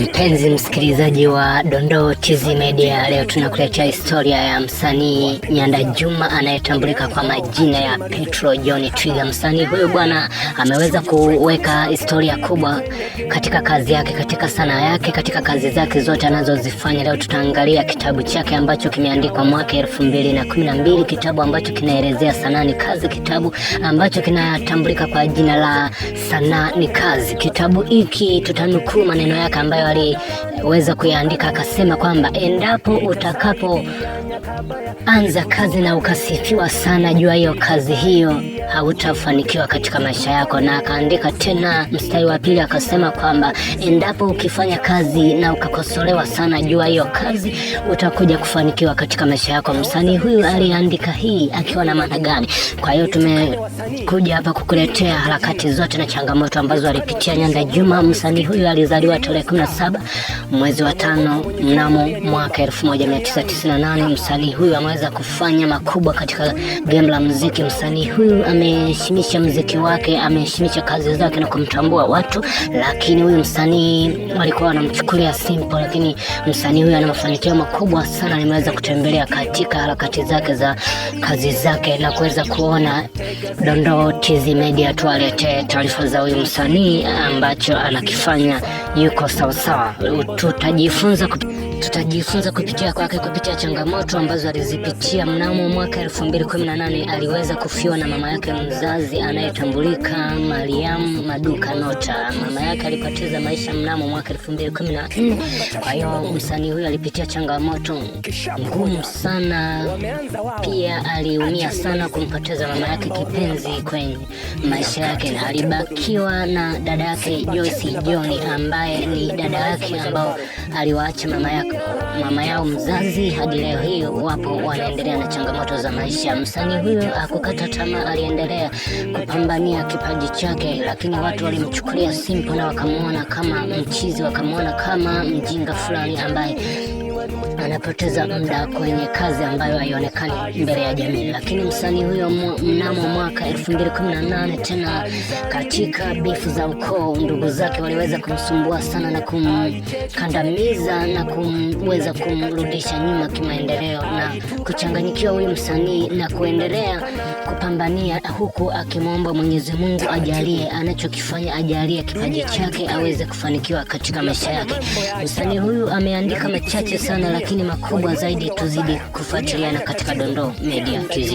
Mpenzi msikilizaji wa Dondoo TZ Media, leo tunakuletea historia ya msanii Nyanda Juma anayetambulika kwa majina ya Petro John Twiga. Msanii huyu bwana ameweza kuweka historia kubwa katika kazi yake, katika sanaa yake, katika kazi zake zote anazozifanya. Leo tutaangalia kitabu chake ambacho kimeandikwa mwaka elfu mbili na kumi na mbili, kitabu ambacho kinaelezea sanaa ni kazi, kitabu ambacho kinatambulika kwa jina la sanaa ni kazi. Kitabu hiki tutanukuu maneno yake ambayo ambayo aliweza kuyaandika akasema kwamba endapo utakapoanza kazi na ukasifiwa sana, jua hiyo kazi hiyo hautafanikiwa katika maisha yako. Na akaandika tena mstari wa pili akasema kwamba endapo ukifanya kazi na ukakosolewa sana, jua hiyo kazi utakuja kufanikiwa katika maisha yako. Msanii huyu aliandika hii akiwa na maana gani? Kwa hiyo tumekuja hapa kukuletea harakati zote na changamoto ambazo alipitia Nyanda Juma. Msanii huyu alizaliwa tarehe 17 mwezi wa tano mnamo mwaka 1998. Msanii huyu ameweza kufanya makubwa katika game la muziki. Msanii huyu ame ameheshimisha mziki wake, ameheshimisha kazi zake na kumtambua watu, lakini huyu msanii walikuwa wanamchukulia simple, lakini msanii huyu ana mafanikio makubwa sana, nimeweza kutembelea katika harakati zake za kazi zake na kuweza kuona dondoo. TZ Media tuwaletee taarifa za huyu msanii ambacho anakifanya, yuko sawasawa, tutajifunza tutajifunza kupitia kwake, kupitia changamoto ambazo alizipitia. Mnamo mwaka 2018 aliweza kufiwa na mama yake mzazi anayetambulika Mariam Maduka Nota. Mama yake alipoteza maisha mnamo mwaka 2014. Kwa hiyo msanii huyo alipitia changamoto ngumu sana, pia aliumia sana kumpoteza mama yake kipenzi kwenye maisha yake, na alibakiwa na dada yake Joyce Joni, ambaye ni dada yake ambao aliwaacha mama yake mama yao mzazi hadi leo hii wapo wanaendelea na changamoto za maisha. Msanii huyo akukata tamaa, aliendelea kupambania kipaji chake, lakini watu walimchukulia simpo na wakamwona kama mchizi, wakamwona kama mjinga fulani ambaye anapoteza muda kwenye kazi ambayo haionekani mbele ya jamii. Lakini msanii huyo mnamo mwaka 2018 tena katika bifu za ukoo, ndugu zake waliweza kumsumbua sana na kumkandamiza na kuweza kumrudisha nyuma kimaendeleo na kuchanganyikiwa huyu msanii na kuendelea kupambania huku akimwomba Mwenyezi Mungu ajalie anachokifanya, ajalie kipaji chake aweze kufanikiwa katika maisha yake. Msanii huyu ameandika machache sana lakini makubwa zaidi, tuzidi kufuatiliana katika Dondoo Media TZ.